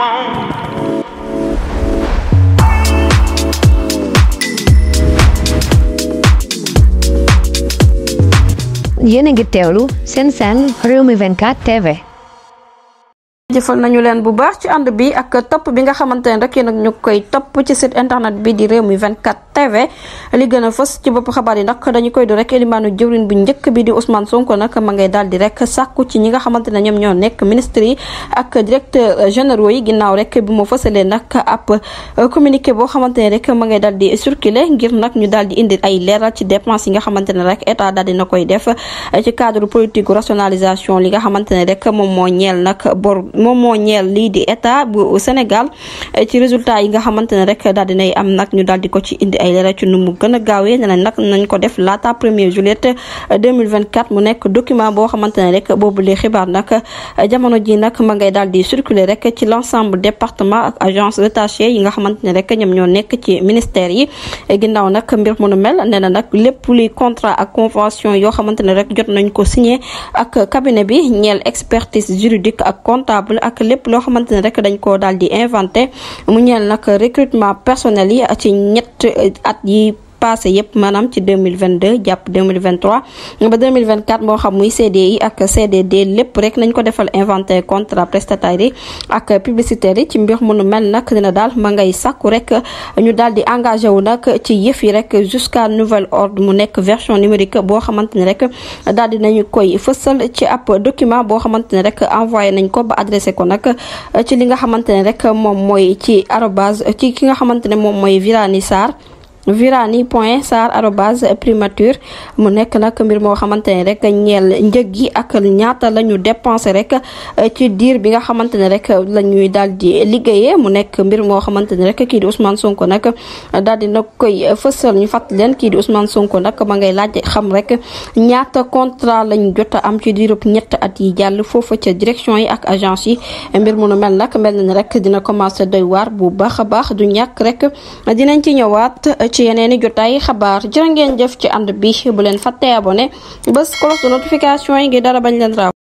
want. Sen Sen, Rumi Venkat TV. jëfal nañu leen bu baax ci ànd bi ak topp bi nga xamante rek yéen ñu koy topp ci site internet bi di réew mi TV li gën a fës ci bopp xabaar yi dañu koy do rek bi di di rek sàkku ci ñi nga xamante ne ñoom ñoo nekk ministre yi ak directeur généraux yi ginnaaw rek bi mu fësalee nag ab communiqué boo xamante ne rek ma ngay daal di circuler ngir nag ñu daal di indi ay leeral ci dépense yi nga xamante ne rek état daal dina koy def ci cadre politique rationalisation li nga xamante ne rek moom moo ñeel moom moo ñeel lii état bu Sénégal eh, ci résultat yi nga xamante ne rek daal dinay am nag ñu daal di ko ci indi ay leeral ci nu mu gën a gaawee ne nañ nag nañ ko def laata premier juillet 2024 eh, mu nekk document boo xamante ne rek boobu li xibaar nag eh, jamono ji nag ma ngay daal di circuler rek ci l' ensemble département ak agence détachée yi nga xamante ne rek ñoom ñoo nekk ci ministère yi ginnaaw nag mbir mu nu mel nee na nag lépp luy contrat ak convention yoo xamante ne rek jot nañ ko signé ak cabinet bi comptable ak lépp loo xamante ne rek dañ koo daal di inventé mu ñeel nag recrutement personnel yi ci ñett eh, at yi passé yëpp maanaam ci 2022 jàpp 2023 ba 2024 moo xam muy CDI ak CDD lépp rek nañ ko defal inventaire contrat prestataire yi yi ci mbir mu nu mel nag dina daal ma ngay sàkku rek ñu daal di engagé wu nag ci yëf rek jusqu'à nouvel ordre mu nekk version numérique boo xamante ne rek daal di nañu koy fësal ci ab document boo xamante ne rek envoyé nañ ko ba adressé ko nag ci li nga xamante ne rek moom mooy ci arobase ci ki nga xamante ne moom mooy Virani Sarr virani point sar arobase primature mu nekk nag mbir moo xamante ne rek ñeel njëg gi ak ñaata la ñu dépensé rek euh, ci diir bi nga xamante ne rek la ñuy daal di liggéeyee mu nekk mbir moo xamante ne rek kii di Ousmane Sonko nag daal di nag koy fësal ñu fàttali leen kii di Ousmane Sonko nag ma ngay laaj xam rek ñaata contrat lañu jot am ci diirub ñett at yi jàll foofa ca direction yi ak agence yi mbir mu nu mel nag mel na ne rek dina commencé day waar bu baax a baax du ñàkk rek ci yeneen i jotaay xabaar jërë ngeen jëf ci ànd bi bu leen fa abonné bés cloche de notification yi ngi dara bañ leen raw